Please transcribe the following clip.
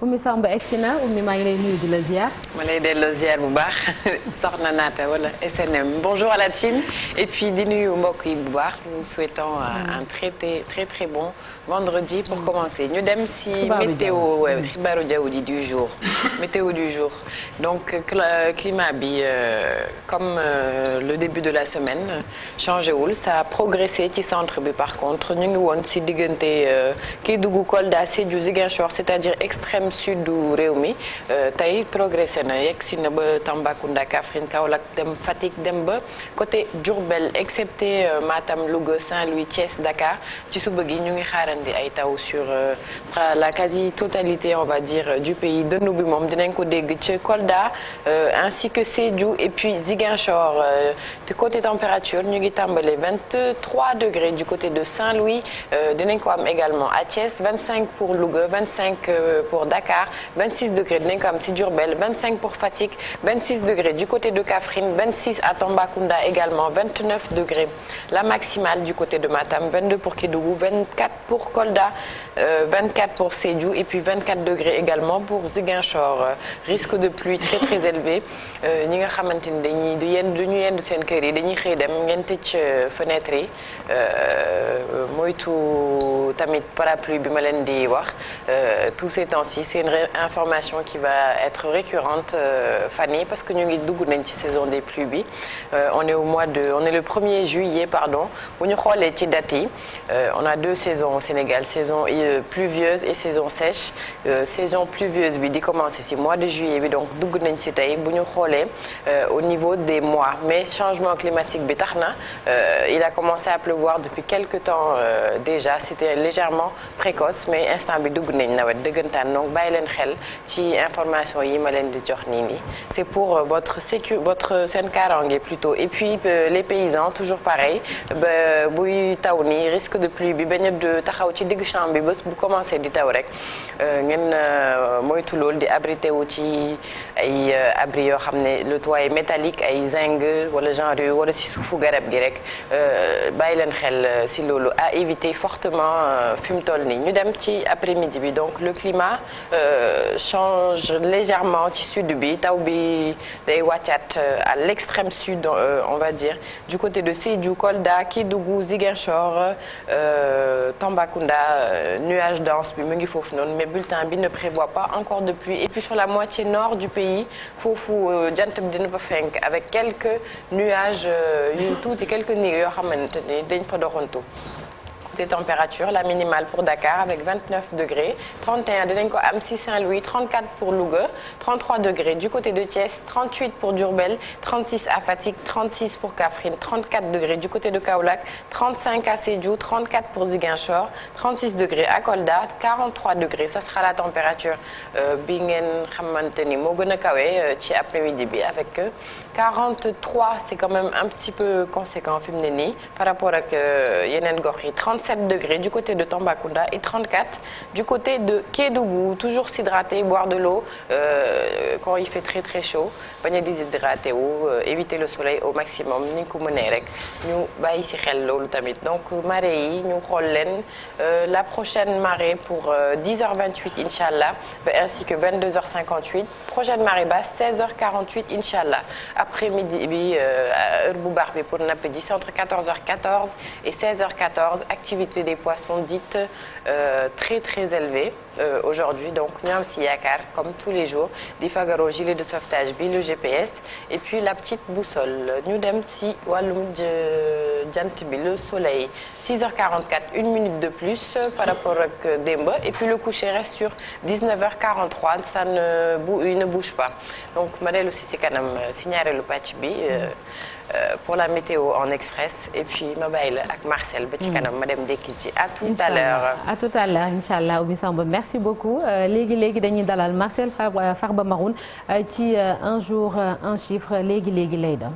Oumy Samb egsi na Oumy maa ngi lay nuyu di la ziar. ma lay delloo ziar bu baax soxna Naata wala SNM bonjour à la team et puis di nuyu mbokk yi bu baax nous souhaitons euh, mm. un très très très bon vendredi pour mm. commencer ñu dem si météo mm. xibaaru jaww ji du jour météo du jour donc climat bi euh, comme euh, le début de la semaine changé wul ça a progressé ci centre bi par contre ñu ngi woon si diggante Kédougou Kolda Sédhiou Ziguinchor c'est-à-dire extrême zone sud réew mi euh, tey progressé na yegg si na ba Tambacounda Kaffrine Kaolack dem Fatick dem ba côté Diourbel excepté euh, Matam Louga Saint-Louis Thiès Dakar ci suba gi ñu ngi xaarandi ay taw sur euh, la quasi totalité on va dire du pays dënnu bi moom dinañ ko dégg ci Kolda ainsi que Sédhiou et puis Ziguinchor te côté température ñu ngi tàmbale 23 degrés du côté de Saint-Louis dinañ ko am également à Thiès pour Louga pour Dakar 26 degrés dinañ ko am ci Diourbel 25 pour Fatick 26 degrés du côté de Kaffrine 26 à Tambacounda également 29 degrés la maximale du côté de Matam 22 pour Kédougou 24 pour Kolda euh, 24 pour Sédhiou et puis 24 degrés également pour Ziguinchor euh, risque de pluie euh, ñi nga xamante ni dañuy du yenn du ñu yendu seen kër yi dañuy xëy dem ngeen tëj euh, fenêtre yi euh, moytu tamit parapluie bi ma leen di wax tous ces temps-ci c'est une information qui va être récurrente euh, fan yi parce que ñu ngi dugg nañ ci saison des pluies bi euh, on est mois de on est le 1er juillet pardon bu ñu xoolee ci date yi euh, on a deux saisons au Sénégal saison pluvieuse et saison sèche saison pluvieuse bi di commencer ci mois de juillet bi donc dugg nañ ci tey bu ñu xoolee au niveau des mois mais changement climatique bi tax na il a commencé à pleuvoir depuis quelque temps déjà c'était légèrement précoce mais instant bi dugg nañ nawet dëggantaan donc bàyyi leen xel ci information yi ma leen di jox nii nii c'est pour euh, votre sécu votre seen kaaraange plutôt et puis euh, les paysans toujours pareil ba buy taw nii risque de pluie bi bañ a taxaw ci digg champ bi bés bu commencé di taw rek euh, ngeen moytu lool di abrité wu ci ay abri yoo xam ne le toit est métallique ay zinc wala genre yu wala ci suufu garab gi rek bàyyi leen xel si loolu à éviter fortement fi mu toll nii ñu dem ci après midi bi donc le climat Euh, change légèrement ci sud bi taw bi day wàccaat euh, à l'extrême sud euh, on va dire du côté de Sédhiou Kolda Kédougou Ziguinchor Tambacounda nuage dense bi mu ngi foofu noonu mais bulletin bi ne prévoit pas encore de pluie et puis sur la moitié nord du pays foofu jant bi dina fa fenk avec quelques nuages yu tuuti quelques niir yoo xamante ni dañ fa des températures la minimale pour Dakar avec 29 degrés 31 dinañ ko am si Saint-Louis 34 pour Louga 33 degrés du côté de Thiès 38 pour Diourbel 36 à Fatick 36 pour Kaffrine 34 degrés du côté de Kaolack 35 à Sédhiou 34 pour Ziguinchor 36 degrés à Kolda 43 degrés ça sera la température euh, bi ngeen xamante ni moo gën a kawe euh, ci après-midi bi avec 43 euh, c'est quand même un petit peu fi mu ne nii par rapport ak yeneen gox yi 27 degrés du côté de Tambacounda et 34 du côté de Kédougou. Toujours s'hydrater, boire de l'eau euh, quand il fait très très chaud bañ a déshydrater euh, wu éviter le soleil au maximum ni ko mënee rek ñu bàyyi ci xel loolu tamit donc marée yi ñu xool leen euh, la prochaine pour 10h28 incha allah ainsi que 22h58 prochaine marée basse 16h48 incha allah après-midi euh, bu baax bi pour napp ji entre productivité des poissons dite euh, très très élevée euh, aujourd'hui donc ñu si yaakaar comme tous les jours di fagaroo de sauvetage bi le GPS et puis la petite ñu dem si wàllum jant bi le soleil 6h44 une minute de plus euh, par rapport ak démb et puis le coucher ne bou ne bouge pas donc ma dellu si si kanam si ñaareelu pàcc bi. Euh, pour la météo en express et puis ma bàyyi la ak Marcel. ba ci mm. kanam ma dem ndekki ci à tout à l'heure à tout à l'heure incha allah Oumy Samb merci beaucoup euh, léegi léegi dañuy dalal Marcel Farba Maroun euh, ci un jour un chiffre léegi léegi lay doon.